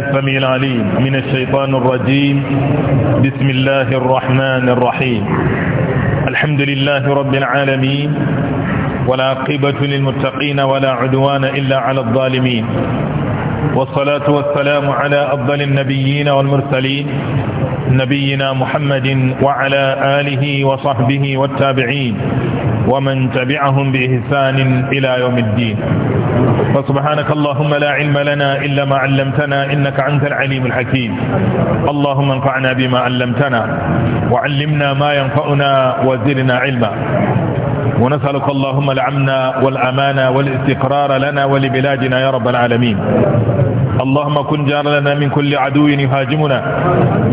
السميع العليم من الشيطان الرجيم بسم الله الرحمن الرحيم الحمد لله رب العالمين ولا عقبة للمتقين ولا عدوان إلا على الظالمين والصلاة والسلام على أفضل النبيين والمرسلين نبينا محمد وعلى آله وصحبه والتابعين ومن تبعهم بإحسان إلى يوم الدين فسبحانك اللهم لا علم لنا إلا ما علمتنا إنك أنت العليم الحكيم اللهم انفعنا بما علمتنا وعلمنا ما ينفعنا وزرنا علما ونسألك اللهم الأمن والأمان والاستقرار لنا ولبلادنا يا رب العالمين اللهم كن جار لنا من كل عدو يهاجمنا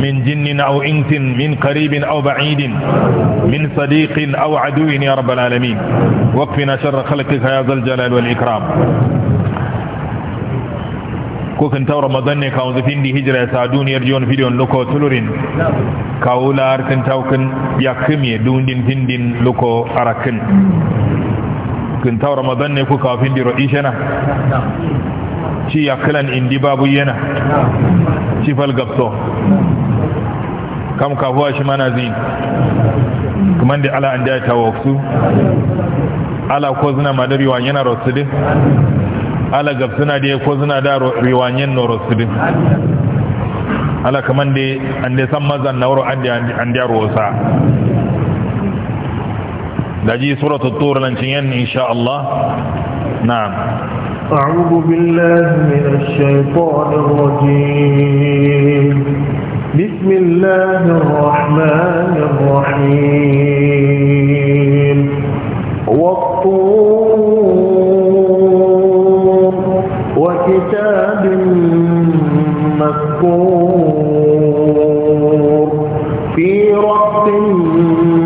من جن أو إنس من قريب أو بعيد من صديق أو عدو يا رب العالمين وقفنا شر خلقك يا ذا الجلال والإكرام kusin taw ramadan ne kawo zafin di hijira sa duniyar jiyon fidiyon loko tulurin kawo la arkin tawkin ya kimye dundin findin loko arakin kan taw ramadan ne ku kawo findi ro'ishana ci ya kilan indi babu yana ci falgabto kam kafuwa shi mana zin kuma da ala an da ya tawo su ala ko zina wa yana rotsidin ala gab suna da ko suna da riwanyen norostrin ala kaman da an da san mazan nauro an da an da rosa da ji suratu tur nan cin yan insha Allah na'am أعوذ بالله من الشيطان الرجيم بسم الله الرحمن الرحيم والطور مشكور في رب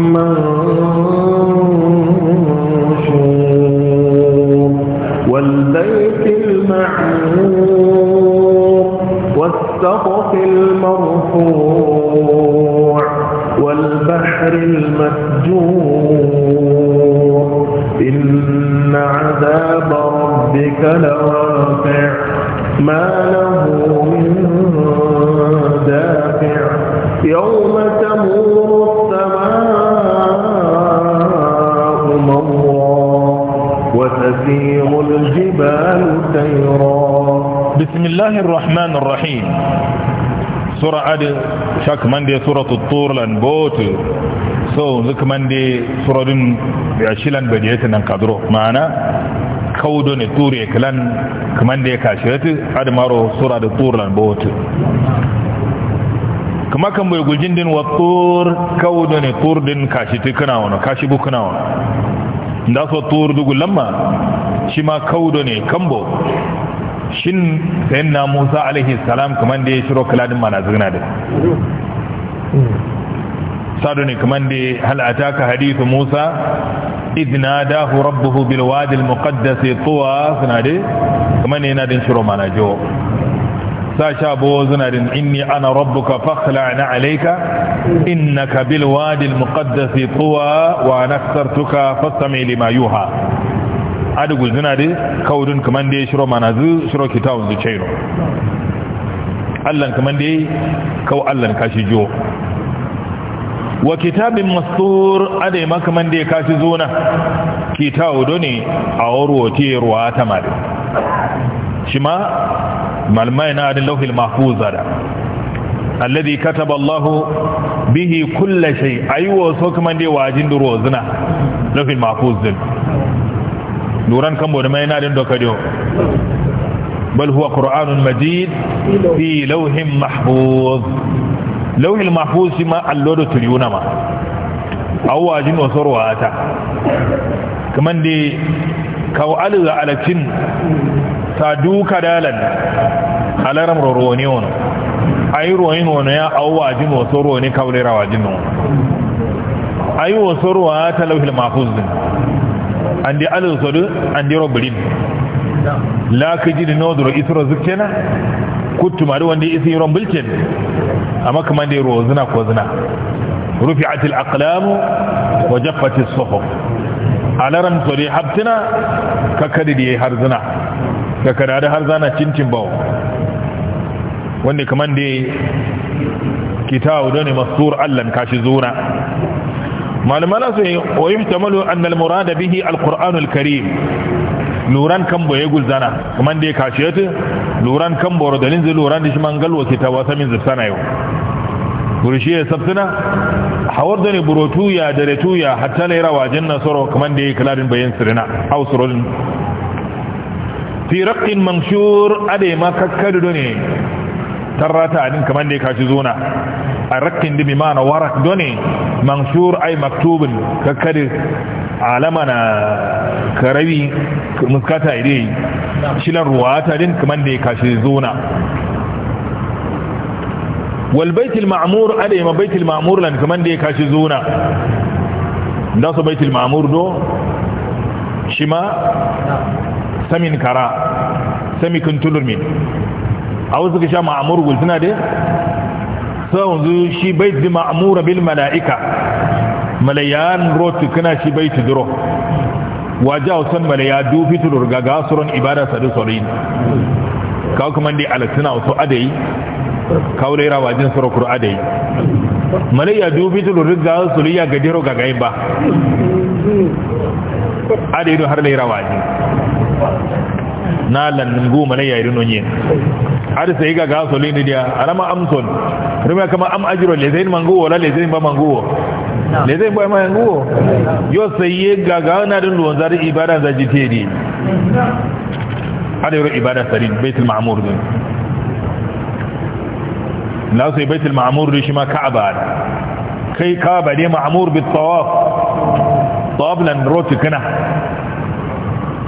منشور والبيت المعمور والسقف المرفوع والبحر المسجور إن عذاب ربك لواقع ما له من يوم تمور السماء مرا وتسير الجبال سيرا بسم الله الرحمن الرحيم سورة عد شاك من دي سورة الطور لان بوت سو ذك من دي سورة دن بيشي لان بديتنا كدرو معنا كودون الطور يكلان كمان دي كاشيات عد مارو سورة الطور لان بوت kuma kan bai gujin din wa tur kaudu ne tur din kashi ti kana wani kashi bu kana wani da su tur dugu lamma shi ma kaudu ne kambo shin sayin na musa alaihi salam kamar da ya shiro kaladin mana zina da sadu ne kamar da halata ka hadithu musa idna dahu rabbuhu bilwadil muqaddasi tuwa suna da kamar ne yana din shiro mana jiwo Sa bo zina din inni ana rabbuka fakhla na alayka innaka bil wadi al muqaddas tuwa wa nakhsartuka fastami lima yuha adugul zina de kaudun kaman de shiro manazu shiro kitabun zu allan kaman de allan kashi jo wa kitabin mastur adai makaman kashi zona kitawo done a warwote ruwa ta made shi malamai na adin lauhil mahfuza da alladhi kataba Allah bihi kulli shay aiwo so kuma dai wajin duro zina lauhil mahfuz din duran kan bodo mai na din dokadiyo bal huwa qur'anun majid fi lauhin mahfuz lauhil mahfuz ma allodo tuliyuna ma awajin wasorwa ta kaman dai kawo alga alacin saduka dalan alaram ro roni wono ayi royin wono ya awu wajin wasu roni kawlera wajin wono ayi wasu ruwa ta lauhil mafuz din andi alin sodu andi robirin la ka ji da nodoro isra zukena kuttu ma da wanda isi yi rombulken amma kuma dai ruwa zina ko zina rufi atil aqlamu wa jaffati suhuf alaram sodu habtina ka kadi da har zina ka kada har zana cincin bawo wanda kaman da kitabu da ne masur allan kashi zuna malaman su wa yuhtamalu an al murada bihi al qur'an al karim luran kan boye gulzana kaman da kashi yatu luran kan boro dalin zai luran da shi mangal wa kitabu samin zisana yau gurshi ya sabtuna hawar da ne burotu ya dare tu ya hatta ne rawa janna soro kaman da kaladin bayan sirina aw surun fi raqin manshur adai ma kakkadu ne tarrata adin kaman da ya kashi zona a rakkin dimi mana warak done mansur ai maktubin kakkari alama na karabi muskata ide shilan ruwata din kaman da ya kashi zona wal baitul ma'mur adai ma baitul ma'mur lan kaman da ya kashi zona da su baitul ma'mur do shima samin kara sami kuntulur min a wasu ka sha ma'amur gultuna dai sau zu shi bai zi ma'amura bil mala'ika malayan rotu kana shi bai tuduro waje hausan malaya dufi tudur ga gasuran ibada sadu saurin kawo kuma dai alasina wasu adayi kawo laira wajen sarakur adayi malaya dufi tudur ga suriya ga dero ga gai ba adayi har laira wajen na lan goma na yayi irino ne har sai ga gasoline dia arama amson rima kama am ajiro le zain mangu wala le zain ba mangu le zain ba mangu yo sai ye ga ga na dun don zari ibada za jite di ada ibada sarin baitul ma'mur din na sai baitul ma'mur shi ma ka'aba kai ka'aba ne ma'mur bit tawaf tawaf lan roti kana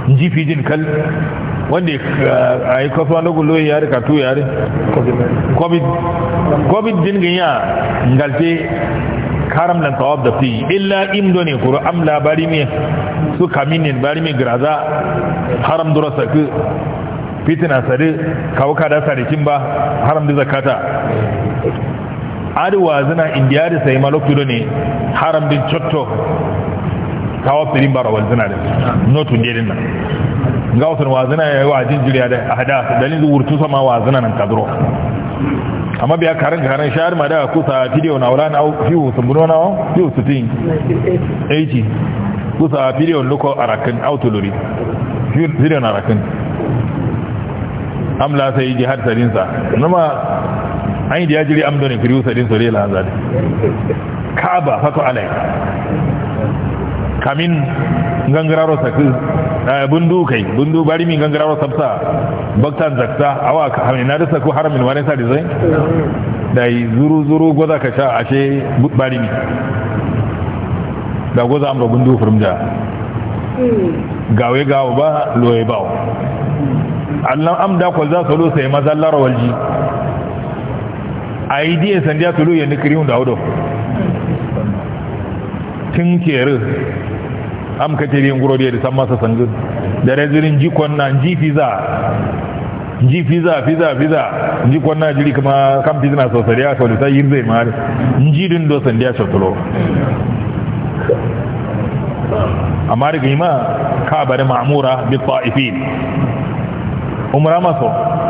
nji fijin kal wanda uh, a yi kasuwa na gulo ya ka tu yare covid covid dingin ya ngalce karam lan tawab da fi illa imdo ne kuro am labari me su kaminin bari me graza haram dura saku fitina sare kawo kada sarikin ba haram da zakata arewa zina indiya da sai do ne haram din chotto kawo firin barawal zina da ah. notu dedin nan gawsan wazina ya yi wa jinjiriya da hada dalin wurtu sama wazina nan kadro amma biya karin karin shahar ma daga kusa fidiyo na wula na wasu sumbuno na wasu tin 80 kusa video loko arakin autolori fidiyo na arakin amla sai yi jihar sarinsa numa an yi da ya jiri amdonin firiyu sarinsa rai lanzari ba fato alai kamin gangararo sakin Eh, bundu kai bundu bari min gangara wa sabta baktan zakta awa ka hamin na dasa ko haramin wani sa dizai dai zuru zuru goza ka sha ashe bari min da goza amra bundu furmja hmm. gawe gawo ba loye bawo allan amda ko za su lo sai mazallar walji aidiye sandiya tulu ya nikriun da audo hmm. tin kere am ka en nguro di sa masa sangu dere jikon na ji fiza ji fiza fiza fisa na jiri kuma kam fisna so sadi a sode sa yirde ji din do san da sottolo amma daga ima ka bare ma'amura bi ta'ifin umra maso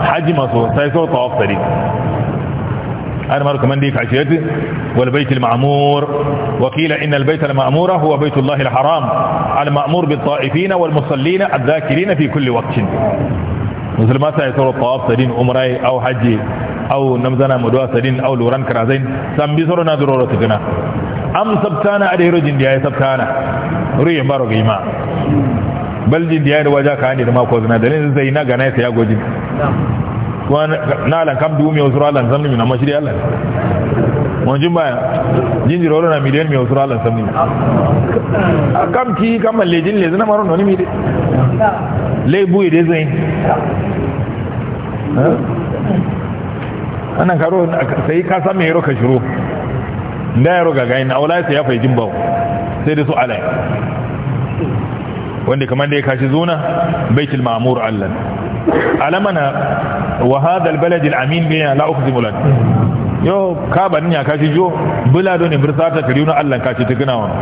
haji maso sai so tawaf sadi أنا مالك من ديك عشيته والبيت المعمور وقيل إن البيت المعمور هو بيت الله الحرام المأمور بالطائفين والمصلين الذاكرين في كل وقت مثل ما سيصور الطواف سدين أمري أو حجي أو نمزنا مدوى سدين أو لوران كرازين سم بسرنا ضرورة كنا أم سبتانا أدهر جندي سبتانا ريح بارك إيمان بل دي جندي وجاك عندي ما قوزنا دلين زينا غنائي سياغو جندي kuma na kam du mi usura lan zamni na mashiri Allah mon jimba jinjiro rona mi den mi usura lan zamni kam ki kam le jin le zana maron noni mi de le buyi de zain anan karo sai ka san me yaro ka shiro da ro ga gaina aulai sai ya fai jimba sai da su alai wanda kamar da ya kashi zuna baitul ma'mur Allah alamana wa hadha albalad alamin bi la ukhzimu lak yo ka ban ya kashi jo bulado ne birsata kariuna allah kashi ta gina wannan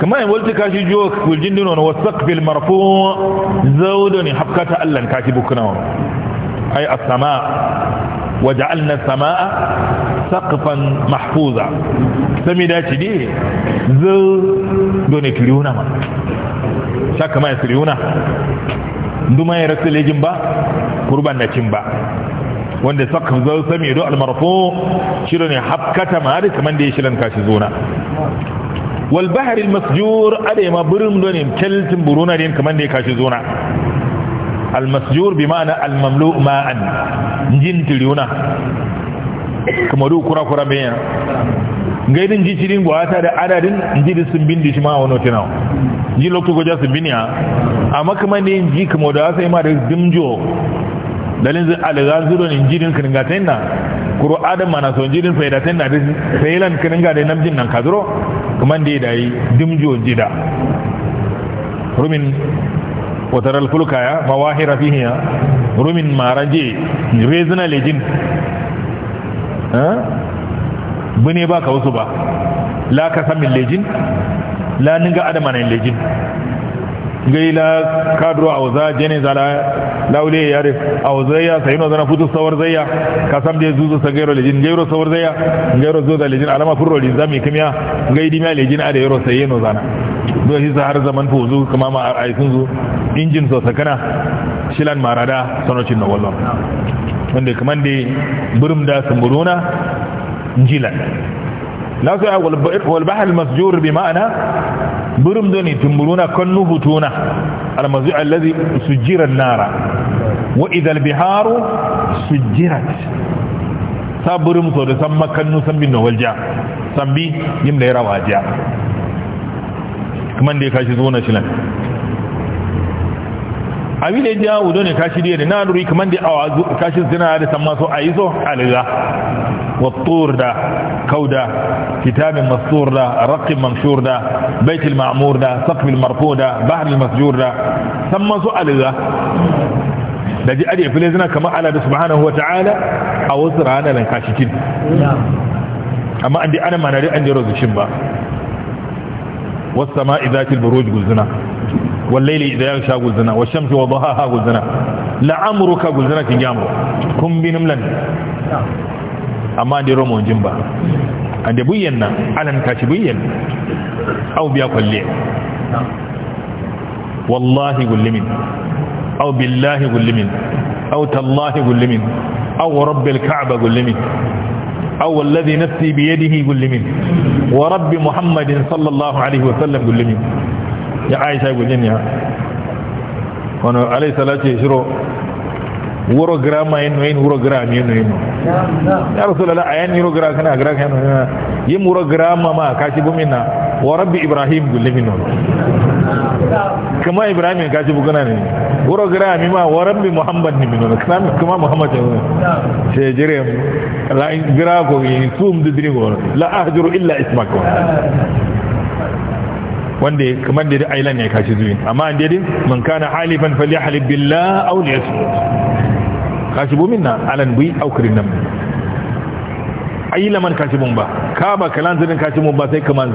kamar yin wulti kashi jo kuljin dino na wasaq bil marfu zawdo ne hafkata allah kashi bukuna wannan ay as-sama waja'alna as-samaa saqfan mahfuza sami da ci ne zawdo ne kariuna ma shaka mai kariuna nduma ya rasu lejin ba kurban na cin ba wanda saka zai sami ido almarfo shirin ya hafkata ma da kamar da ya shirin kashi zona wal bahar almasjur ada ma burin don yin keltin buruna da kamar da ya kashi zona almasjur bi ma'ana almamlu ma'an jin tiriyuna kamar kura kura bayan gaidin jicirin buwata da adadin jidi sun bindi shi ma wani tinawa ji lokacin gwaja su biniya a makamanin ji kama da wasa ima da dimjo dalin zai alizan zuro ne jirin kiringatain na kuro adam mana so jirin faidatain na da sayilan kiringa da namjin nan kazuro kuma da ya dayi dimjo jida rumin wataral al'fulka ya mawahira rafi ya rumin maraje rezina lejin eh? bune ba ka wasu ba la ka lejin la ga adama na inda jin gai la kadro a waza jene zala laule ya re a waza ya sayi na zana futu sawar zaya ka sam da zuzu sa gairo lejin gairo sawar zaya gairo zo da lejin alama furro lejin zami kimiya gai dimiya lejin a da yaro sayi na zana zuwa hisa har zaman fozu kuma ma a sun zu injin so sakana shilan marada sanocin na wallon wanda kuma da burum da sumburuna jilan nasa walbahar masjur bi ma'ana birin da ne tumburuna kan nuhutuna almazu allazi sujiran nara wa idal biharu sujirat sa birin so da san makannu san bin da walja san bi yin da ya rawa jiya kuma da ya kashi zo na shi nan abi da ya wudo ne kashi da na ruri kaman da awazu kashi suna da san maso aizo aliza wa tur da kauda kitabin mastur da raqim mamshur da baitul ma'mur da saqf al marfu da bahr al masjur da san maso aliza da ji ade fili suna kaman ala da subhanahu wa ta'ala a wasu ranar kashi kin amma an dai ana manari an jero zucin ba wasu sama'i zatil buruj guzuna wallaili idza yaghsha gulzana wa shamsi wa dhahaha gulzana la amruka gulzana kin kun binum lan amma da romo jimba ande buyyanna alan kashi buyyan aw biya kwalle wallahi gullimin aw gullimin aw gullimin aw rabbil ka'ba gullimin أو الذي نفسي بيده قل لمن ورب محمد صلى الله عليه وسلم قل ya aisha gujin ya wani alaisala ce shiro wuro gira ma yin wuro gira mi yin noyin ya rasu lala a yan yiro gira kana gira kan yana yin wuro gira ma ma kashi bumina wa rabbi ibrahim gulli nono kama ibrahim kashi bugana ne wuro gira mi ma wa rabbi muhammad ni nono kana kuma muhammad ya wuri jire la gira ko yi sum didri ko la ahjuru illa ismak wanda kamar da ailan ya kashi zuwi amma an dai man kana halifan falyahlib billah aw liyasmut kashibu minna alan bi aw kirinam ayyila man kashi bumba ka ba kalan zinin kashi bumba sai kaman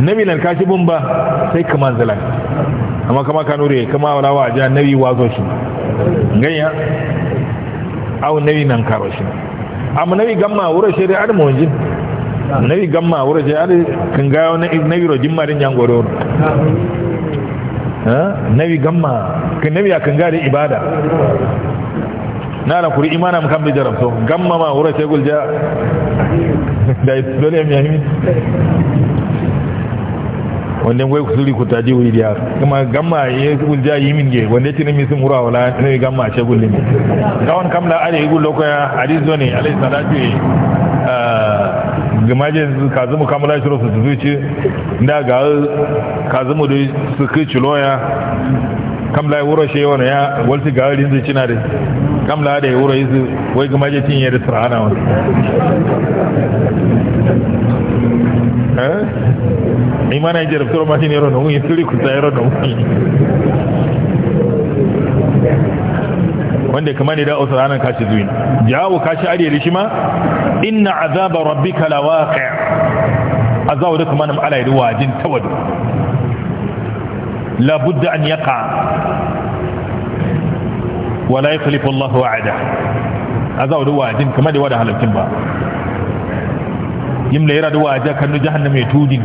nabi lan kashi bumba sai kaman zinan amma kama nure kama wala wa ja nabi wazo shi ganya aw nabi nan karo shi amma nabi gamma wura shari'ar mu wanjin nawi gamma wuro je ari kangayo na nawi ro jimmarin ha nawi gamma kan nawi ya kangare ibada nala kuri imana mu kambe jaram to gamma ma wuro ce gulja dai dole mi yami wanda wai kusuri ku taji wuri da kuma gamma ya gulja yi min ge wanda ce mi sun wura wala nawi gamma ce gulli ne kawon kamla ale gullo ko ya hadis ne alai salatu eh gama gamaje kazumu kamula shiro su zuci da ga kazumu da su kici loya kamla ya wuro shi na ya walti ga rin zai cina da kamla da ya wuro izu wai gamaje tin ya da sarana wani eh imana ya jarabtar matin yaro na wuni suri kusa yaro na wuni wanda kama ne da usul anan kashi zuwin jawo kashi ariya da shi ma inna azaba rabbika lawaqi' azawu da kuma nan ala yi wajin tawadu la budda an yaqa wala yukhlifu Allahu wa'ada azawu da wajin kama da wada halakin ba yimla yara da waja kanu jahannama ya tudin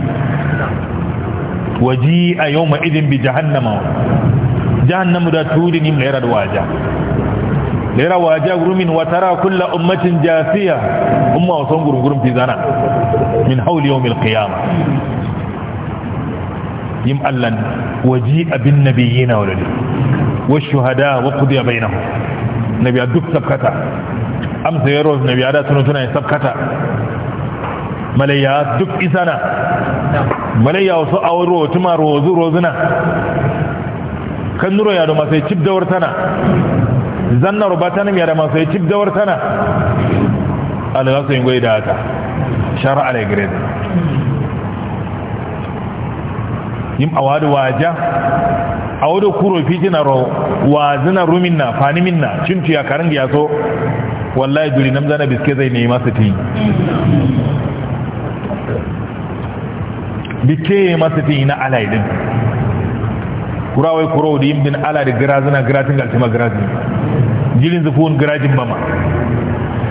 waji a yau ma'idin bi jahannama jahannamu da tudin yimla yara da waja lera wa gurumin wa tara kulla ummatin jasiya umma wa son gurgurun fizana. min hauli yawmil qiyama yim allan waji abin nabiyina wa ladi wa shuhada wa qudiya bainahum nabiya duk sabkata amsa yaro nabiya da tunu tuna sabkata malayya duk isana malayya wasu awaro tuma rozu rozuna kan nuro ya da masai cib zanna rubatanim ya da masu yi cik dawar tana alghasu yin gwai da haka shara ala grade yim wadu waja wadu kuro fitina ro wazina ruminna na, cintu ya karangi ya so wallahi duri nan zana biske zai ne masa tin yi masa tin na alai din kurawai kuro da yin bin ala da gira zina gira tingal tima gira zina jirin zafuwan garajin bama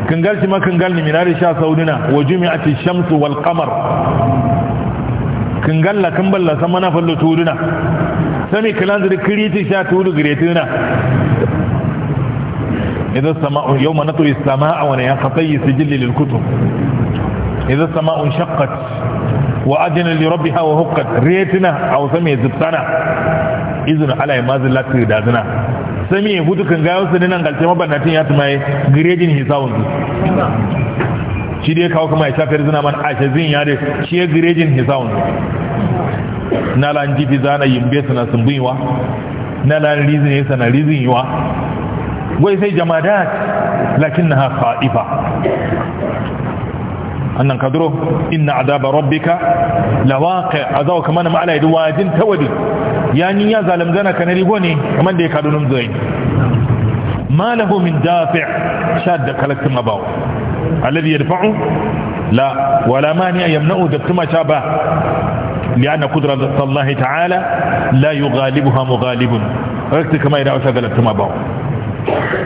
kangal shi ma kangal ne minari sha saunina wa jumi'ati shamsu wal qamar kangal la kan balla san fallo tuduna sami kalan da kiriti sha tudu giretuna idan sama'u yawma naturi samaa wa yanqati sijil lil kutub idan sama'u shaqqat wa adina li rabbiha wa huqqat riyatina aw sami zubtana. izin ala mazillati dadina sami hutu kan gayo su nan galce mabannatin ya tumaye girejin hisawun su shi dai kawo kuma ya shafiyar zina man ashe zin ya dai shi ya girejin hisawun su na lan jifi zana yimbe suna sumbuiwa na lan rizin ya na rizin yiwa wai sai jamadat lakin na ha fa'ifa annan kadro inna azaba rabbika lawaqi azaw kaman ma ala yadu wajin tawadi yani ya zalamzana kana rigo ne kaman da ya kadu nan zai ma lahu min dafi' shadda kalaktin abaw alladhi yadfa'u la wala mani yamna'u daktuma shaba لأن قدرة الله تعالى لا يغالبها مغالب ركت كما إذا أشغلت ما باو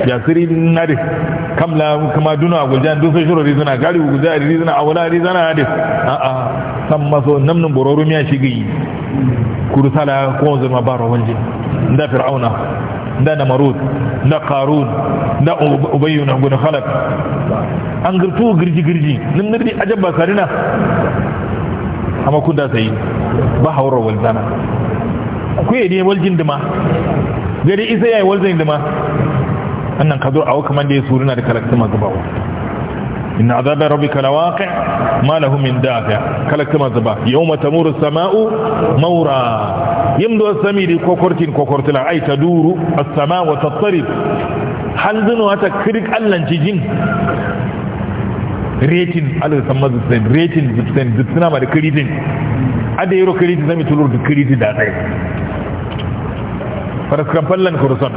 jasiri nadi kamla kuma duna gujan dun sai shurari rizana gari gulja rizana awala rizana ri hadis a a san maso namnu bororu miya shi gai kursala ko zama baro wanje da fir'auna da namarud da qarun da ubayy ibn khalaf an girtu girji girji nin nirdi ajabba sarina amma kun da sai ba hawra walzana ku ne waljin dima gari isa yayi waljin dima annan ka zo a wuka man da ya suruna da kalakta masu bawa inna azabar rabbika lawaqi ma lahu min dafi kalakta masu ba yawma tamuru sama'u maura yamdu as-samiri kokortin kokortila ay duru a sama wa tattarib hanzunu hata kirik allanci jin retin alisan san mazu sen retin zipsen zipsina ma da kiritin ada yaro kiriti zami tulur da kiriti da tsaye faraskan fallan kurusan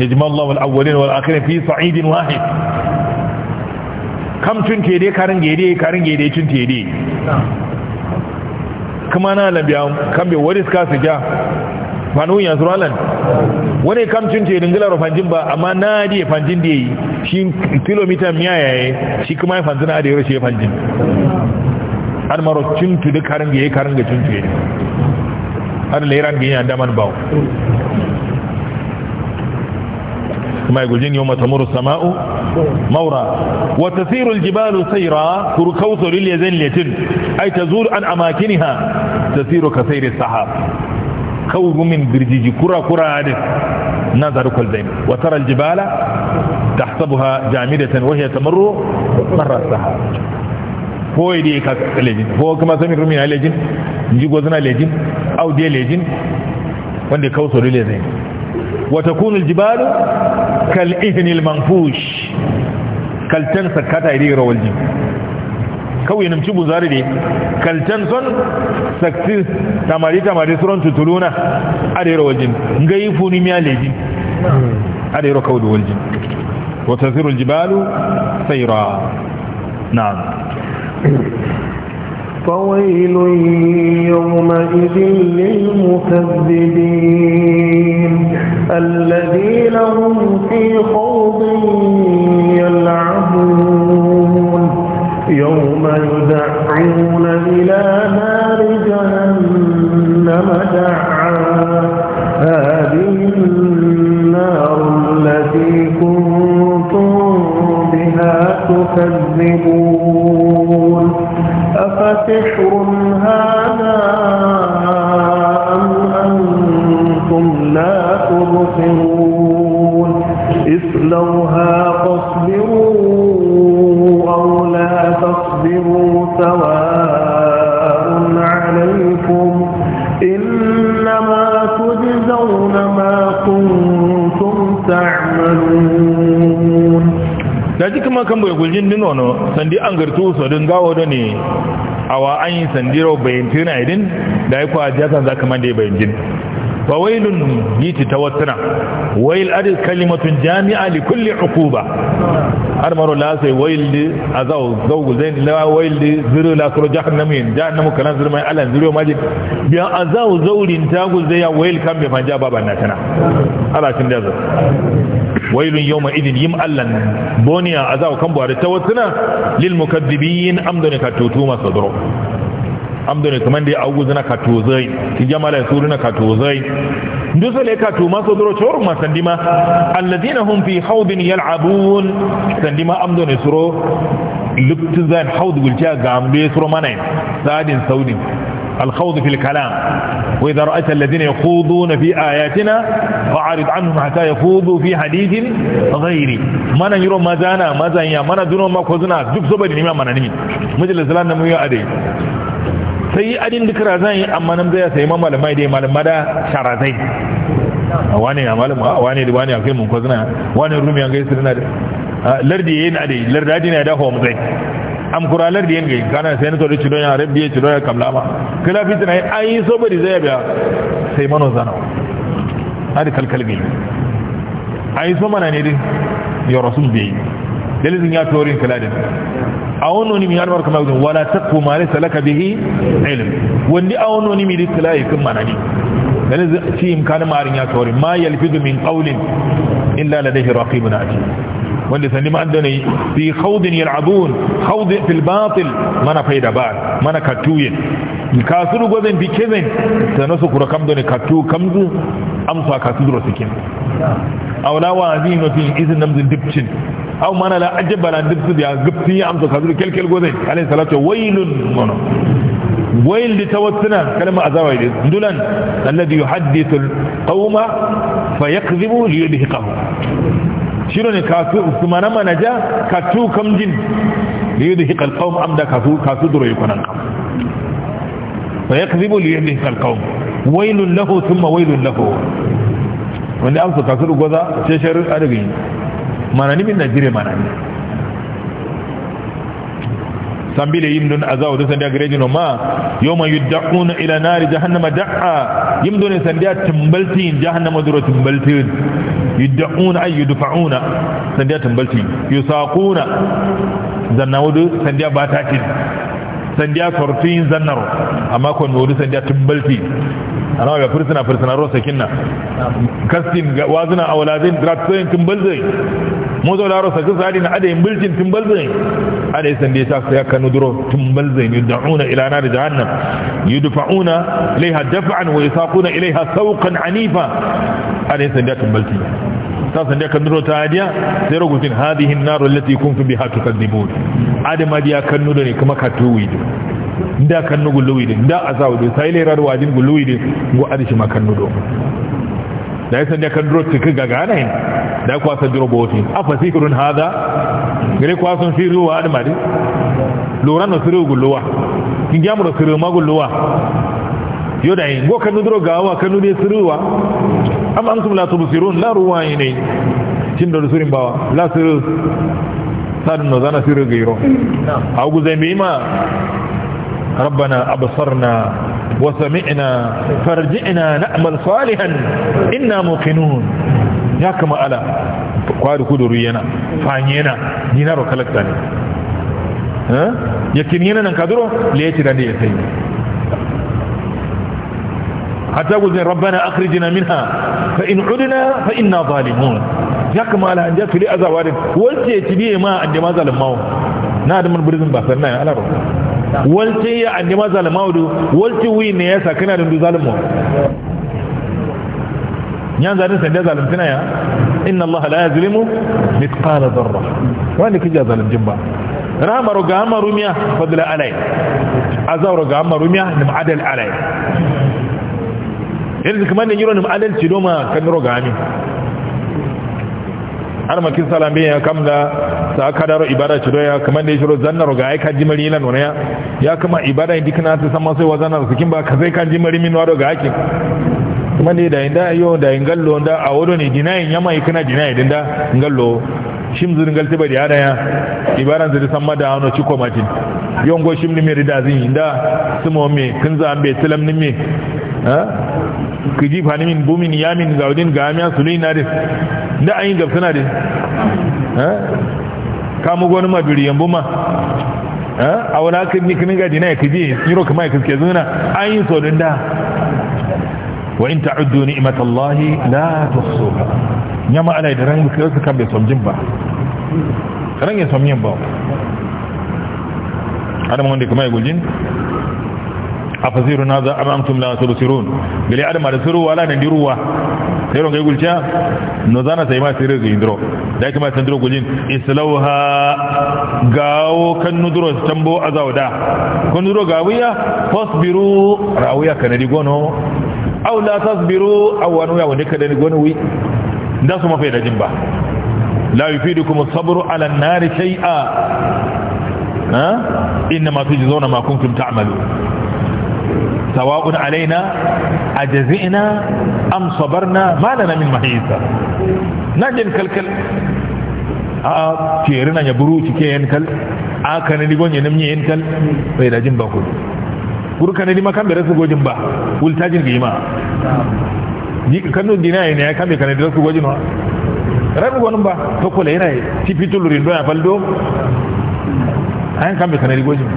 يجمع الله في صعيد واحد كم kam tun tede karin gede karin gede tun tede kuma na labiya kambe wani suka su ja fanuhun yanzu wani kamcin ce dingilar fanjin ba amma na diya fanjin da yi shi kilomita miya yaye shi kuma ya fanjin a da shi ya fanjin an maro cintu duk karin da ya karin da ya كما يقول جن يوم تمر السماء مورا وتسير الجبال سيرا كركوث لليزن ليتن أي تزول عن أماكنها تسير كسير السحاب كوب من برجيج كرة كرة عدد نظر كل زين وترى الجبال تحسبها جامدة وهي تمر مر السحاب هو يدي لجن هو كما سمير من لجن نجيب وزنا لجن أو دي لجن وندي كوث لليزن watakunu aljibalu kalihnil manfush kaltan sakata irira waljib kawai nan cibun zari ne kaltan son saksis na marita marisuron tuturuna a da yi rawajin ga yi funi miya lejin a da yi rawa da waljin wata zirun jibalu sai ra na فويل يومئذ للمكذبين الذين هم في خوض يلعبون يوم يدعون إلى نار جهنم دعا هذه النار التي كنتم بها تكذبون أفسحر هذا أم أنتم لا تبصرون اصلوها فاصبروا أو لا تصبروا سواء عليكم إنما تجزون ما كنتم تعملون daji kuma kan bai guljin din wano sandi an gartu so din gawo da ne awa an yi sandiro bayan tuna idin da ya kuwa jasa za ka da ya bayin jin fa wailun yiti tawattuna wail adi kalimatun jami'a li kulli uquba har maro la sai wail azau zawgu zain la wail ziru la sur jahannamin jahannamu kana ziru mai alan ziru maji bi azau zawrin tagu zai ya wail kan bi fanja baba na tana ala kin da wailun yawma idin yim allan boniya azau kan buhari tawattuna lil mukaddibin amdani ka tutu masadro hamdun kaman da awuzu na katozai jamala suruna katozai nduso le katu maso duro choru ma sandima alladhina hum fi hawdin yal'abun sandima amdun suro lubtizan hawd gulja gambe suro manai sadin saudin الخوض في الكلام وإذا رأيت الذين يخوضون في آياتنا فأعرض عنهم حتى يخوضوا في حديث غيري mana yiro mazana mazanya mana duno makozuna duk saboda nima mana nimi mujalla zalan namu ya ade sai adin duk razan amma nan zai sai malamai dai malamai da sharazai wani ya a wani da wani akai mun kwazna wani rumi an gaisu na lardi yayin adai lardadi na da wa mutai am kura lardi yayin gai kana sai na to ci don ya rabbi ya ci don ya kamlama kala fitina ai so bari zai biya sai mano zana hadi kalkal gai Ayi so mana ne dai ya rasul bai dalilin ya tori kala da Awon awononi mi albar kama gudun wala taqfu ma laysa laka bihi ilm wandi awononi mi litlai kun manani dan ci imkani marin ya kawari ma yalfidu min qawlin illa ladayhi raqibun atid wanda sani ma andane fi khawdin yal'abun khawd fi al-batil mana faida ba mana katuyin kasuru gozan fi kezen tanasu kura kamdone katu kamzu amsa kasuru sikin awla wa azimati izin namzin dipcin aw mana la aje bala dib tu dia gep ti am kel kel gode alay salatu waylun mono wayl li tawassuna kalama azawa ile ndulan alladhi yuhaddithu alqawma fayakdhibu li yadihi qahwa shiro ne kafu usmana manaja katu kamjin li yadihi alqawm am da kafu kafu duro yukunan qam fayakdhibu li yadihi alqawm waylun lahu thumma waylun lahu wanda am to kadru goza sheshar adabi manani min jire manani sambile yimdun azaw do sandia gredi no ma yawma yud'una ila nari jahannama da'a yimdun sandia timbalti jahannama duro timbalti yud'una ay yudfa'una sandia timbalti yusaquna zannawdu sandia batatin sandiya sortin zannaro amma kon wodu sandiya timbalti ana ga fursuna fursuna rosa kinna kastin wazuna a walazin dratsoyin timbalzai mozo da rosa kisa adi na adayin bilcin timbalzai adayi sanda ya sa ya kanu duro timbalzai yud'una ila nar jahannam yudfa'una ilaiha daf'an wa yasaquna ilaiha sawqan anifa adayi sanda timbalzai ta sanda kan duro ta adiya sai rugutun hadhihi an-nar allati kuntum biha tukadzibun adama dia kanu da ne kuma ka tuwi da kannu guluwi din da azawu din sai le rar wajin guluwi din go ma makannu do da yasan da kan dro cikin gaga nan da kwa san jiro boti afa sikrun hada gare kwa san siru wa admari loran no siru guluwa kin jamu da siru ma guluwa yo dai go kannu dro gawa kannu ne suruwa amma antum la tubsirun la ne kin da surin bawa la siru sadun no zana gairo a guzai ma ربنا أبصرنا وسمعنا فرجعنا نعمل صالحا إنا موقنون يا كما ألا قالوا كدوا رينا فانينا دينارو كالكتاني ها يكينينا ننكدرو ليتي داني يسي حتى قلنا ربنا أخرجنا منها فإن عدنا فإنا ظالمون ya kamala an jasu li azawarin wacce ya ci biye ma an jama zalim mawo na da man burizin ba sannan ya alarwa walci ya anni zalama wudu walci wi ne yasa kana da zalimu nyan zani sanda zalimtina ya inna Allah la yazlimu mithqala dharra wani kija zalim jimba rama ruga amma rumiya fadla alai azza ruga amma rumiya nim adal alai yanzu kuma ne yiro nim adal ci doma kan ruga ami har makin salambe ya kamla sa kadaro ibada ci doya kamar da ya shiro zannar ga ai kaji mari nan wani ya kama ibada indi kana ta san masai wazanar kin ba ka sai kaji mari min wado ga hakin kuma ne da inda yau da ingallo da a wado ne dinayin yama ikana dinayin din da ingallo shim zurin galti ba da ya ibaran zai san mada hano ci komatin yon go shim ni me rida zin inda mu me kin za ambe tilam ni me ha kiji fani min bumin yamin gaudin gamiya sulina da da ayin gafsana da ha kamu gonu ma biriyan yambu ma a wani aka ni kini gadi na ya kaji yiro kama ya kaske zuna an yi sodin da wa in ta'uddu ni'matallahi la tuhsuha nyama ala da ran su suka bai somjin ba ran ya yin ba adam wanda kuma ya gujin afasiru na za am antum la tusirun bil adam da suru wala nan diruwa sai ngai gulcha no zana sai ma sirri gindro da kuma san duro gulin islauha gawo kan nudro tambo azawda kun nudro gawiya fasbiru rawiya kanadi gono aw la tasbiru aw wanu ya wani kadani gono wi da su mafai da jimba la yufidukum as-sabru ala an-nar shay'a ha inma tujzuna ma kuntum ta'malun sawa'un alaina ajazina am sabarna ma lana min mahisa najin kalkal a tiyarina ya buru cike yankal a kanadi gonye namni yankal bai da jin ba kudu kuru kanadi ma kan bere su gojin ba wultajin ga ima kanu dina ne ya kan bere kanadi su gojin wa rabu gonin ba to kula yana tifitul rindo ya faldo an kan bere kanadi gojin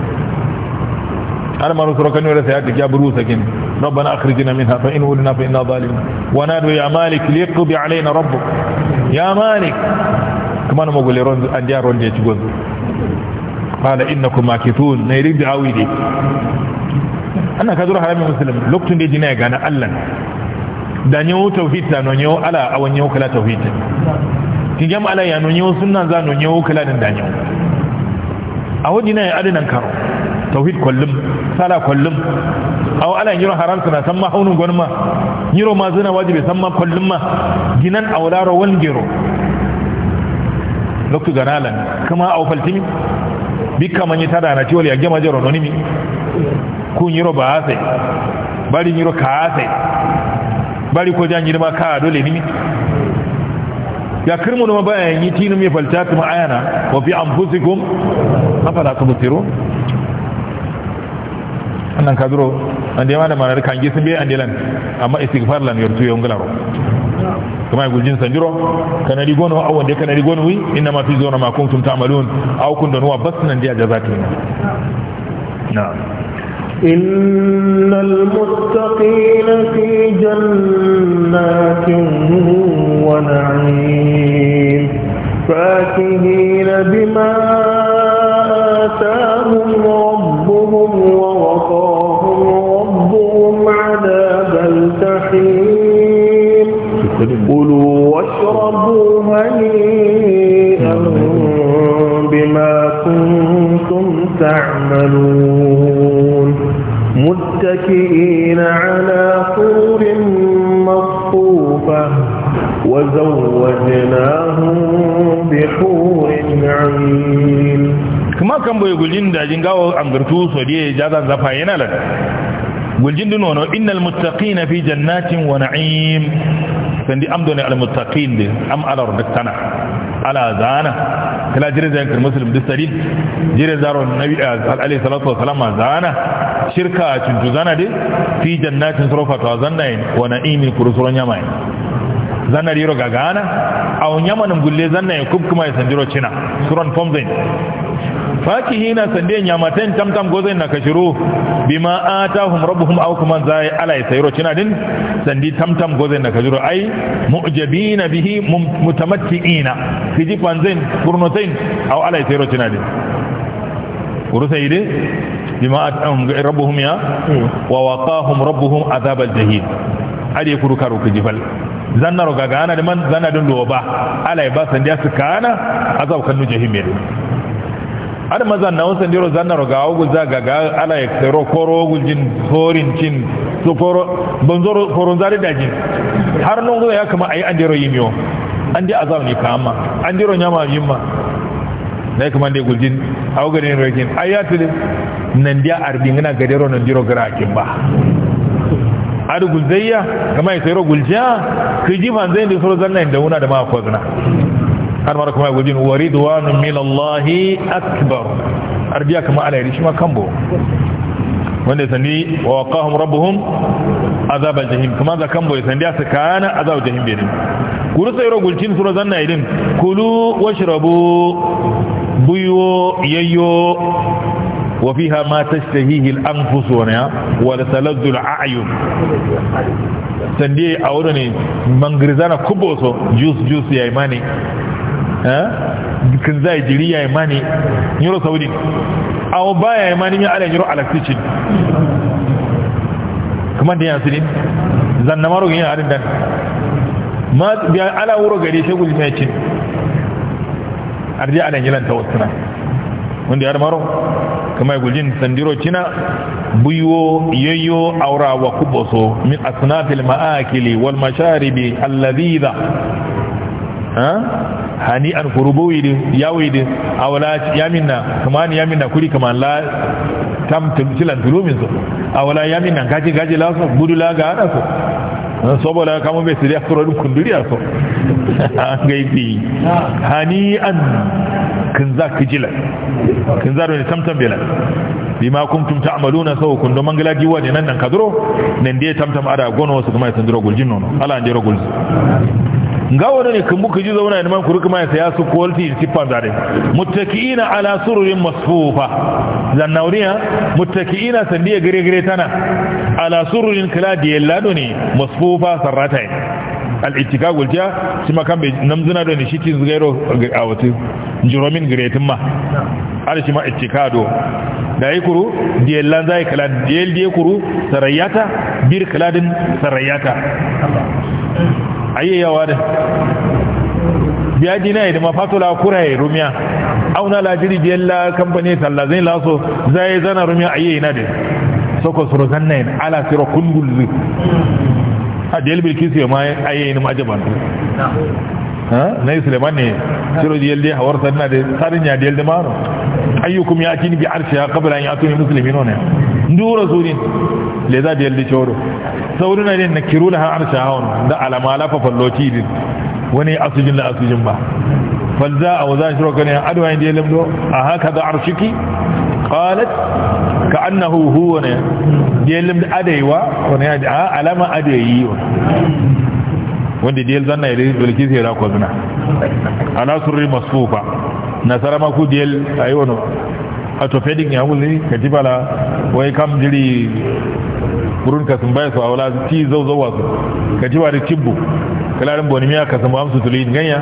انا ما نسرك أن يرسياتك يا بروسك ربنا اخرجنا منها فان ولنا فانا ظالمون ونادوا يا مالك ليقضي علينا ربك يا مالك كما أنا مقول لرنز أن جاء رنز يتقول قال انكم ماكثون نريد دعاويدي انا كذور حرامي مسلم لقتن دي جنايك أنا الله da nyewo tauhidta no nyewo ala awan nyewo kala tauhidta kin jam ala ya no nyewo sunna za no nyewo kala din da nyewo a wadi adinan karo tauhid kullum sala kullum aw ala yiro haram suna san ma hunun gonma yiro ma zina wajibi san ma kullum ma ginan awlaro wal gero lokku ganalan kama aw faltimi bikka man yitada na tiwali ya gema jero nonimi kun yiro ba ase bari yiro ka ase bari ko janyi ma ka dole nimi ya kirmu no bayan yi tinu mai falta kuma ayana wa fi anfusikum afala tubsirun annan ka duro ande ma da manar kan gi sun be ande lan amma istighfar lan yurtu yo ngalaro kuma gul jin sanjiro kana di gono awon de kana di gono wi inna ma fi zona ma kuntum ta'malun aw kun don wa basnan dia jazati na muttaqina fi jannatin wa na'im فاكهين bima آتاهم Kul kuwa shugaban hannu, al'umma biya makon tun ta amma duni, mutaki na ana furin mabuwa ba, wa zauwa jin'anan be furin canjin. Kuma kambo ya gulgin daji, ngawo angurtu guljindu nono innal muttaqina fi jannatin wa na'im sandi amdoni al muttaqin de am ala tana ala zana kala jire zan kar muslim de sari jire zaro nabi eh, alayhi salatu wa salam zana shirka cin zana de fi jannatin surafa ta zanna wa na'im kurusuran yamai zanna riro gagana aw nan gulle zanna yakub kuma ya sandiro cina suran pomzain fakihina sande nyamaten tamtam gozen na kashiru bima atahum rabbuhum aw kuma zai ala yasayro cina din sandi tamtam gozen na kashiru ai mu'jabina bihi mutamatti'ina kiji panzen burnotain aw ala yasayro cina din kurusai dai bima atahum rabbuhum ya hmm. wa waqahum rabbuhum azabal jahim ade kuru karu kijifal zanna roga gana da man zanna dun do ba ala ba sandi su kana azab kanu jahim ada mazan na wasan diro zanna roga ogu za ga ga ala ya tsero koro ogu jin forin cin su koro banzoro koron zari da jin har nan ya kama ayi an diro yimiyo an di ni kama an diro nyama yimma na kama dai guljin au garin rokin ayatul nan dia arbin na gadero nan diro garakin ba adu gulzayya kama ya tsero guljiya kiji fanzai da soro zanna inda wuna da ma har mara kuma gudun wa ridwanun min Allah akbar arbiya kuma ala yari shi ma kambo wanda sani wa waqahum rabbuhum azab al-jahim kuma za kambo ya sani asa kana azab jahim bidin kuru sai rogulcin sura zanna idin kulu washrabu buyo yayyo وفيها ما تشتهيه الأنفس ونيا Sandiye a wurin mangirzana منغرزانا كبوسو جوس جوس يا إيماني Eh? jiri ya imani nyoro saudi aw ba imani mi ala nyoro ala kitchen kuma da yasirin zanna maro yin arin dan ma bi ala wuro gari sai gul mai cin arji ala jilan tawassuna wanda ya maro kuma guljin sandiro cina buyo yayyo aura wa kuboso min asnafil ma'akili wal masharibi alladhiza ha eh? hani an kurubu yidin ya minna kuma ni ya minna kuri kuma la tam tilan tulumin so ya minna gaji gaji la so budu la ga ana so saboda kamun bai sirya kurorin kunduriya so an ah, gaifi hani an kin za ki jila kin zaro ne tamtam bela bima kuntum ta'maluna saw kun do mangala giwa ne nan nan kadro nan dai tamtam ada gono su kuma sun dro guljin nono ala an dai ga wani ne kun muka ji zauna man ku rukuma ya su quality da tifan zare muttaki'ina ala sururin masfufa nauriya muttaki'ina sandiya gare gare tana ala sururin kala yallado ne masfufa sarrata al-ittika gulja shi makan bai namzuna da ne shi tin zugairo a wata jiromin gretin ma alishi ma ittikado da yikuru kuru yallan zai kala yel di kuru sarayata bir kaladin sarayata ayya wada biya dina ya da mafatola kuraye rumiya auna lajiri biyan la kamfani talla zai laso zai zana rumiya ayya na da soko suru zanna yin ala siro kundul zu a da yalbi kisi ya ma ayya yana majaban na yi Suleman ne siro da yalda hawar sanna da sarin ya da yalda maro ayyukum ya kini bi arshiya kabila ya ato ne musulmi ne ndura zurin le za biyar da coro saurin na na kiru da har arsha da alamala fa falloci din wani asujin la asujin ba falza a waza shi rokan yan adwa inda ya lamdo a haka da arshiki qalat ka annahu huwa ne ya lamdo adaiwa wani ya ah, alama adayi wanda diyal zanna ya dai bulki sai ra ko zina ala surri masfufa nasara ma ku diyal ayi wani atopedic nyamuzi katiba la wai kam jiri burun kasin bai su awla ti zau zau wasu katiba da tibbu kalarin boni miya kasin sun amsu tulin ganya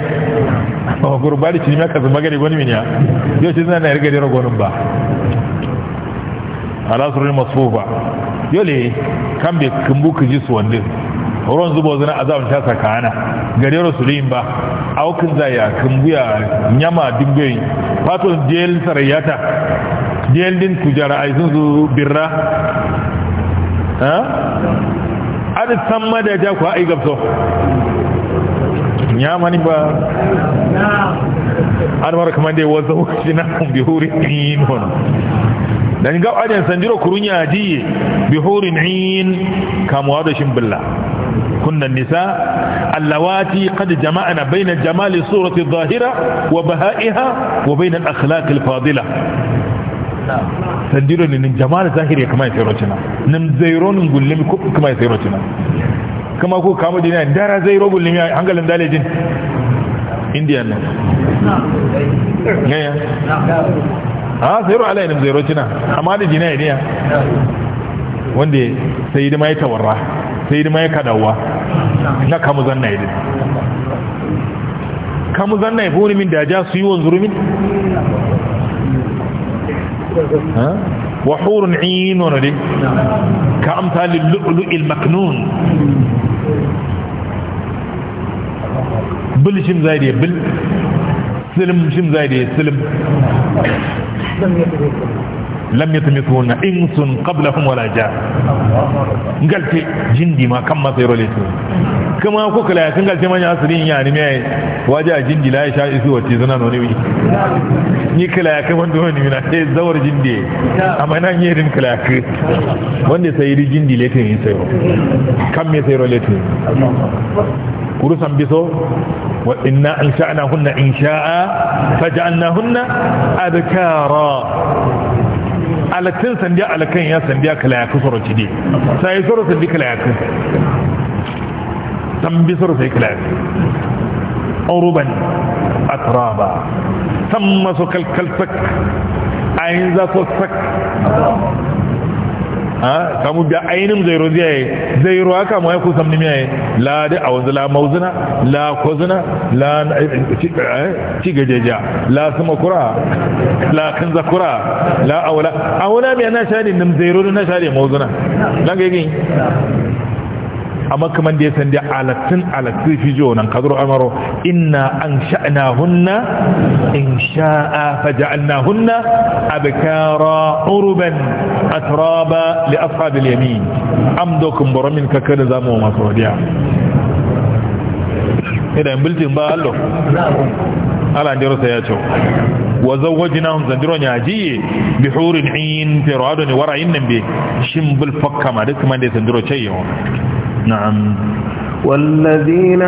ba oh, kuru ba da miya kasin magari boni miya yau shi zana riga dira gonin ba ala surin masfufa kam be kumbu kiji su ruwan zubo zina tasa kana gari gare rasulin ba aukin zaya kan buya nyama dingoyi fatun jel sarayyata jel din kujara ai sun su birra ha ad san mada ja a ai gabso nyama ni ba an mara kamar da wasu hukaci na bihuri in hono dan ga adan sanjiro kurunya ji bihurin in kamuwa da shi billah kunna nisa allawati qad jama'ana bayna jamali surati adh-dhahira wa baha'iha wa bayna al-akhlaq al-fadila tandiro ni jamal zahiri kama ya sayro cina nin zairo nin ko kama ya sayro cina kama ko kama dina dara zairo gullimi hangalin dalejin indiyan nan ngaya ha sayro alai zairo cina amma wanda tawarra seydima kadar kadawa Ne kamuzan neydi? Kamuzan kamu Bu e boni min da ja su yiwon zurumin wa hurun inu na dai ka amta lullu'ul maknun bil shim zai bil Selim shim zai Selim. lam yatmithuna insun qablahum wala ja ngalte jindi ma kam ma zero leto kuma ko kala ya ngalte manya asrin ya ni mai waja jindi la isha isu wati zana no ni ni kala kan do wani na sai e zawar jindi amma ni yerin kala ku wanda sai ri jindi leto ni sai kam me zero leto kurusan biso wa inna ansha'nahunna insha'a faj'alnahunna adkara ala tin sandiya ala ya sandiya kala ya kusoro ci di sai soro sandi kala ya kan san bi soro sai kala ya uruban atraba samma so kalkal sak ayin za so sak ha kamu bi ainin zairo ziyaye zairo haka mu ku samni miyaye la da awanzu la mauzuna la kozuna la eh, ci eh, gajeja la sama kura la kan kura la awla awla mi ana shani nim zairo na shani mauzuna dan ga amma kaman da ya san da alatin alatin fi jiwo nan kadro amaro inna an sha'na hunna in sha'a faja'alna hunna abkara uruban atraba li ashabil yamin amdokum baramin kakada zamu masu wadiya idan bulletin ba Allah ala ndiro sai ya ce وزوجناهم زندرو نياجي بحور عين في روادو ورا ين بي شمبل فكا ما دك ما دي زندرو تشيو نعم والذين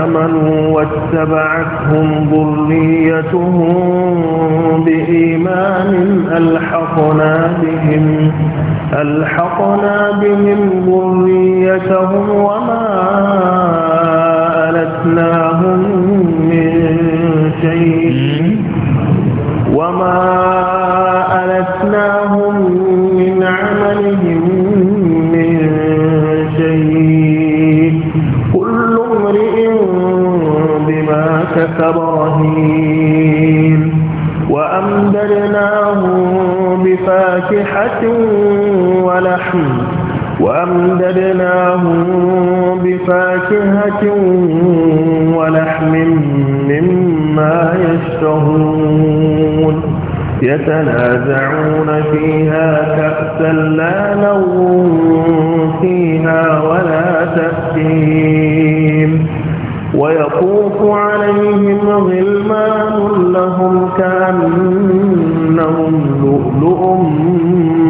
آمنوا واتبعتهم ذريتهم بإيمان ألحقنا بهم ألحقنا بهم ذريتهم وما يتنازعون فيها كأسا لا لغو فيها ولا تأثيم ويطوف عليهم غلمان لهم كأنهم لؤلؤ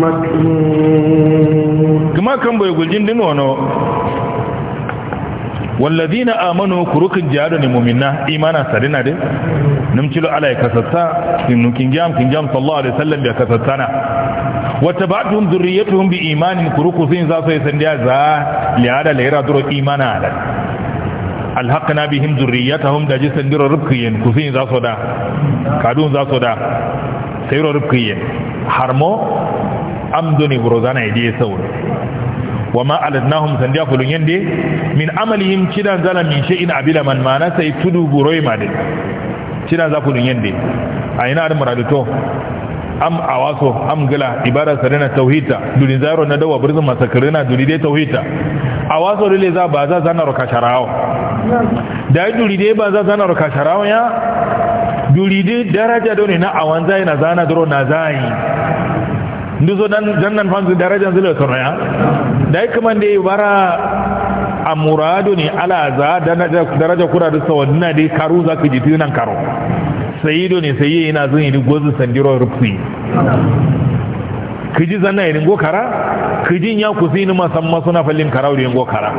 مكنون كما كان بيقول جندن وانو والذين amanu kurukun jihadu ni mumina imana sarina de nimchilo ala yakasata kinukingam kingam sallallahu alaihi wasallam yakasatana watabatuhum dhurriyyatuhum imanin kuruku sin za su yasandiya za liada lera duro imana ala alhaqna bihim dhurriyyatahum da jisan diro rubkiyen kusin za su da kadun za so da sayro rubkiyen harmo amdoni brozana idiye sauro wa ma aladnahum sandiya fulun yande min amalihim kidan zala min shay'in abila man mana sai tudu buroi ma de. kidan za fulun yande a ina da muraduto am awaso am gila ibara sarina tauhita duni zaro na dawa burzin masakarina duni dai tauhita awaso dole za ba za zana roka sharao da duri dai ba za zana roka sharao ya duri dai daraja dole na awan na zana duro na zai ndizo dan jannan fanzu darajan zile ya dai kuma dai bara amuradu ni ala za daraja kura da na dai karu za ka ji tunan karo sayido ne sayi ina zan yi gozu sandiro rufi kiji zanna yi go kara kijin ya kusi ni masamma suna fallin karau da go kara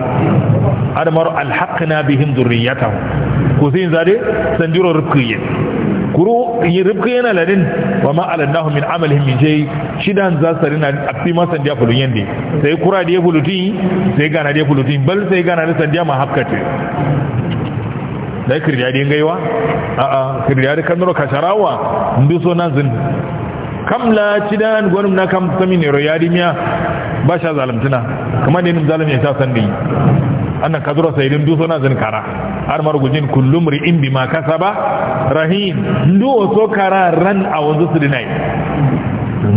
adamar alhaqna bihim dhurriyyatahum kusin zade sandiro rufi kuro yi ribka yana ladin wa ma alannahu min amalihim min jai shidan za su rina a fi ma sandiya fulun yande sai kura da ya fulutin sai gana da ya fulutin bal sai gana da sandiya ma hafkata da kirya da gaiwa a a kirya da kanuro kasharawa ndu so nan zin kam la cidan gwanin na kam sami ya royadi miya ba sha zalimtuna kamar da yin zalim ya sha sandi annan sai sayrin du na zin kara har gujin kullum ri'in bima kasaba rahim ndu so kara ran a wanzu su dinai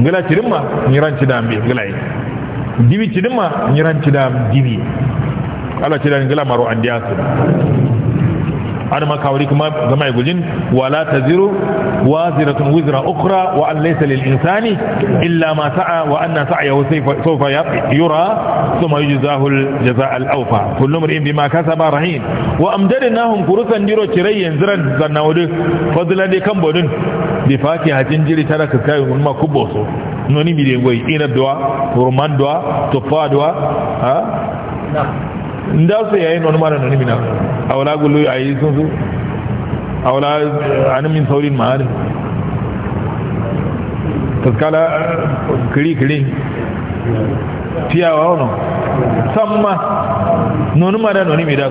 ngila cirimma nyiran cidam bi ngila yi dibi cirimma nyiran cidam dibi ala cidan ngila maro andiasu har ma kawari kuma zama ya gujin wala taziru wa ziratun wizra ukhra wa an laysa lil insani illa ma sa'a wa anna sa'a sa'yahu sawfa yura thumma yujzahu al jazaa al awfa bi ma kasa kasaba rahim. wa amdadnahum qurusan diro kirayyan zanna zanawdu fadlan de kan bodun bi fakihatin jiri taraka kayu umma kuboso noni mi de goy ina doa roman doa tofa doa ha nda su yayi non mara non mina awla gulu ayi sun su awla an min saurin ma'ani taskala kiri kiri tiyawa ono samma non mara non mina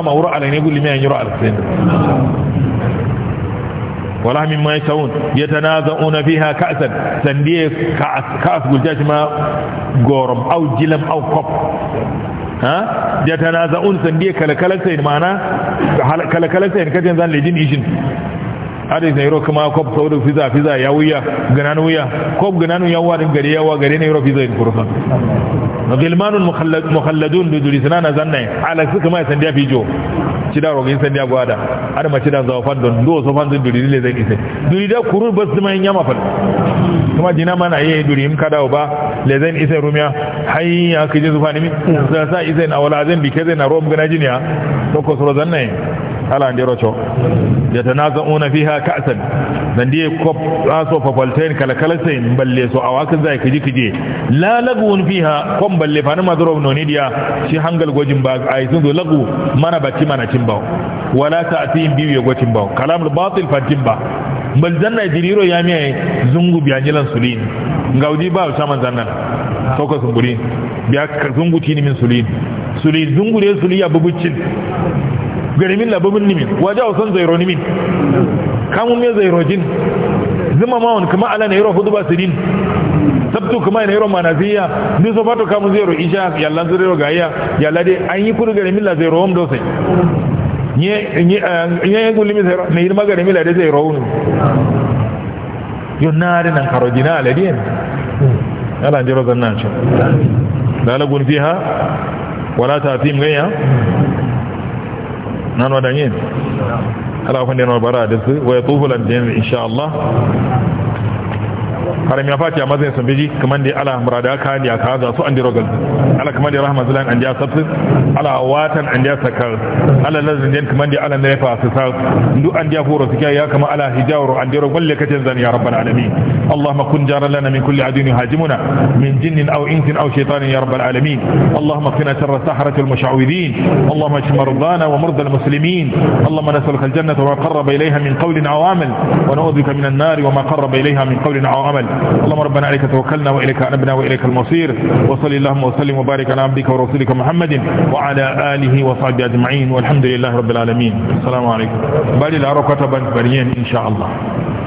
ما ورا على يقول لي ما يجرى على السند ولا مما يسوون يتنازعون فيها كأسا سندية كأس كأس قلت ما غورم أو جلم أو كوب ها يتنازعون سندية كلا كلا سين معنا كلا كلا سين كتن ذان لجين ada na yiro kuma ko ko do fiza fiza ya wuya gananu ya ko gananu ya wa gari ya wa gari ne yiro fiza in kurfa Gilmanun mukhallad mukhalladun bi dulisana na zanna ala suka mai sandiya fijo cida rogin sandiya gwada ada ma cida zawa fandon do so fandon duri ne zai ise duri da kurur bas yin nyama fa kuma dina mana yi duri im kada ba le zai ise rumiya hayya kije zufani mi za sa ise na wala zan bi ke na rom gana jiniya to ko so zanna ala ndero cho yatanazauna fiha ka'san dan die kop aso fafaltain kala kala sai balle so awaka zai kiji kije la lagun fiha kom balle fa na madrob no ne dia shi hangal gojin ba ai sun zo lagu mana bacci mana cin ba wala ta'tim biyu gojin ba kalamul batil fa timba ba janna zanna ya yami zungu biyanjilan sulin ngaudi ba to zannan sauka sumburi biya zungu tini min sulin sulin zungu re ya bubucin garimin labamin nimin waje wasan zairo nimin kamun mai zairo jin zuma mawon kuma ala na yaro hudu ba sirin sabtu kuma na yaro manaziya ni so fato kamun zairo isha yallan zairo gaya yalla dai an yi kudu garimin la zairo wani dosai nye eh, zairo ne yirma garimin la dai zairo nan ala ala jero fiha wala gaya نانو دا نين خلاو فاندي نو بارا دسي ويطوف لان ان شاء الله haram ya faci a matsayin sun biji kamar da ala murada ka da ka za su an di rogal ala kamar da rahman zulan an da sabsin ala watan an da sakar ala lazin jan kamar da ala nafa su sa duk an da furo suke ya kama ala hijawar an di rogal le kace zan ya rabbal alamin اللهم كن جارا لنا من كل عدو يهاجمنا من جن او انس او شيطان يا رب العالمين اللهم قنا شر السحرة المشعوذين اللهم اشف مرضانا ومرضى المسلمين اللهم نسألك الجنة وما قرب إليها من قول عوامل ونعوذ بك من النار وما قرب إليها من قول عوامل وعمل اللهم ربنا عليك توكلنا وإليك أنبنا وإليك المصير وصلي اللهم وسلم وبارك على عبدك ورسولك محمد وعلى آله وصحبه أجمعين والحمد لله رب العالمين السلام عليكم بالي العرقة بنبريين إن شاء الله